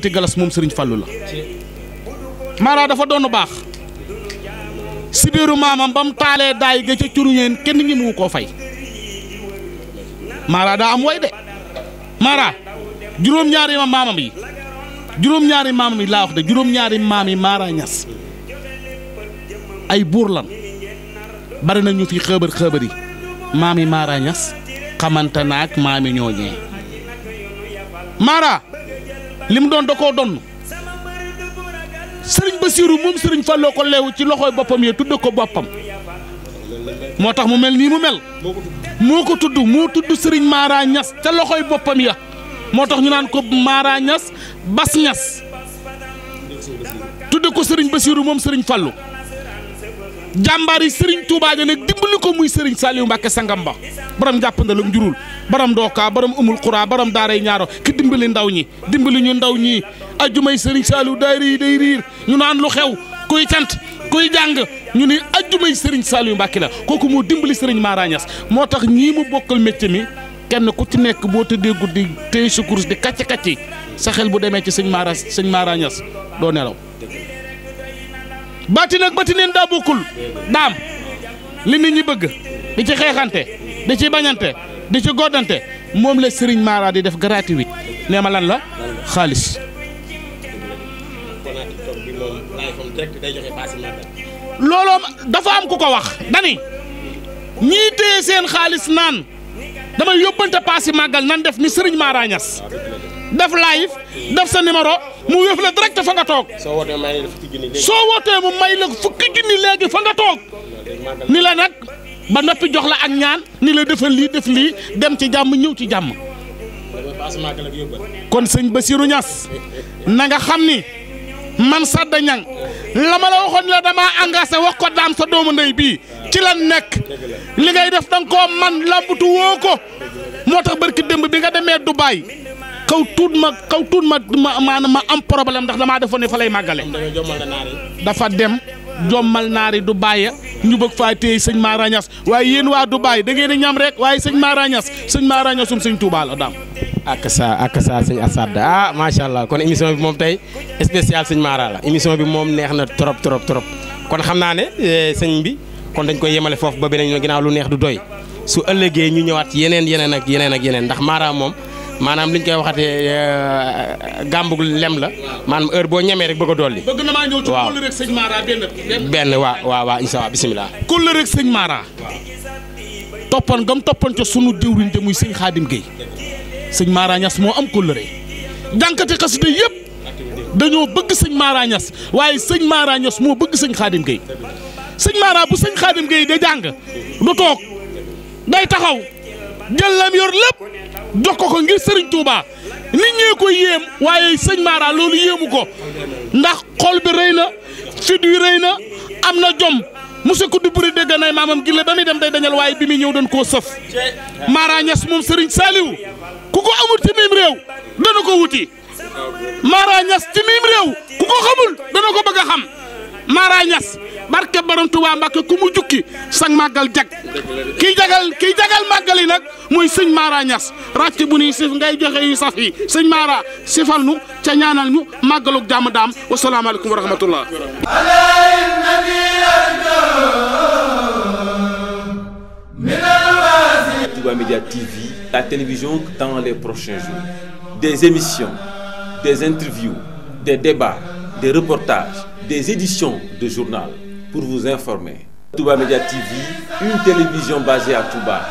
ti moom sëriñ fàllu la maanaa dafa doon baax si biiru maamam ba mu taalee daay ga ca curuñeen kenn ngi mu koo fay maanaa daa am way de maanaa juróom-ñaari maamam yi juróom-ñaari maamam yi laa wax de juróom-ñaari maam yi maanaa ñas ay buur lan bari nañu fi xëbër xëbër yi maam yi maanaa ñas xamante naak maam yi ñooñee maanaa li mu doon da koo donn sëriñ Basiiru moom sëriñ Falloo ko leewu ci loxooy boppam yee tudd ko boppam moo tax mu mel nii mu mel moo ko tudd moo tudd sëriñ Maara ca loxooy boppam ya moo tax ñu naan ko Maara Ñas Bas Ñas tudd ko sëriñ Basiiru moom sëriñ Fallu jàmbaar yi sëriñ Tuubaa ja nag ko muy Serigne Saliou Mbacke sangam ba borom jàppandal ak njurul borom dookaa borom umul xuraa borom daaray ñaaro ki dimbali ndaw ñi dimbali ñu ndaw ñi ajjumay Serigne Saliou daayira yi day riir ñu naan lu xew kuy cant kuy jàng ñu ni sëriñ Serigne Saliou Mbacke la kooku moo dimbali sëriñ Mara Niass moo tax ñii mu bokkal métier mi kenn ku ci nekk boo tëddee guddi téye sa kurus di kàcc kaci sa xel bu demee ci sëñ Mara sëñ Mara Niass doo nelaw baati nag baati neen daa bokkul li nit ñi bëgg di ci xeexante di ci bañante di ci goddante moom la Serigne Mara def gratuit nee ma lan la xaalis. looloo dafa am ku ko wax dani ñii téye seen xaalis naan damay yóbbante paasi màggal nan def ni Serigne Mara Niass def live sa numéro mu wéef la direct fa nga toog so wote mu may la fukki junni legi fa nga tok ni la nak ba nopi jox la ak ñaan ni la defal li def li dem ci jamm ñew ci jamm kon seigne basirou Niass na nga xamni ni man Sada Niang la ma la waxon la dama engagé wax ko daam sa doomu ndey bi ci lan nek li ngay def dang ko man làmbutu woo ko barki demb bi nga dubai kaw tuut ma kaw tuut ma ma ma am problème ndax damaa defoon ne fa lay màggale. dafa dem jommal naari du bàyya ñu bëgg faa téye sëñ Mara waaye yéen waa du da ngeen a ñam rek waaye sëñ Mara Niass sëñ Mara Niassum sëñ Touba la daam. ak sa ak sa sëñ Assad ah macha allah kon émission bi moom tey spécial sëñ Mara la émission bi moom neex na trop trop trop kon xam naa ne eh, sëñ bi kon dañ koy yemale foofu ba beneen ginnaaw lu neex du doy su ëllëgee ñu ñëwaat yeneen yeneen ak yeneen ak yeneen ndax moom. maanaam liñ koy waxatee euh, gàmbug lem la maanaam heure boo ñemee rek bëgg a dolli. bëgg na maa ñëw ci kóllëre ak sëñ Mara benn. benn waaw waaw waaw incha allah bisimilah. kóllëre sëñ Mara. toppan gam toppan ca sunu diwriñ te muy sëñ Xaadim Guèye sëñ Mara Niass moo am kóllëre jànkati xasida yëpp dañoo bëgg sëñ Mara Niass waaye sëñ Mara Niass moo bëgg sëñ Xaadim Guèye sëñ Mara bu sëñ Xaadim Guèye de jàng du toog day taxaw. jël lam yor lépp jox ko ko ngir sëriñ Touba nit ñee ko yéem waaye sëñ Mara loolu yéemu ko ndax xool bi rëy na fit wi rëy na am na jom monsieur Koudou Boury dégg nay maamam gille ba muy dem day dañal waaye bi muy ñëw dañ koo sëf Mara Niass moom sëriñ Saliou ku ko amul ci réew dana ko wuti Mara Niass ci réew ku ko xamul dana ko bëgg a xam Mara Niass barke borom Touba mbacké ku djukki sang magal djag ki djagal ki djagal magali nak nag seigne Mara Niass sif ngay joxe Mara sifal nu ca ñaanal ñu salam jàmm daam wasalaamaaleykum wa rahmatullah Touba Média TV, la télévision dans les prochains jours. Des émissions, des interviews, des débats, des reportages, des éditions de journal pour vous informer. Touba Media TV, une télévision basée à Touba.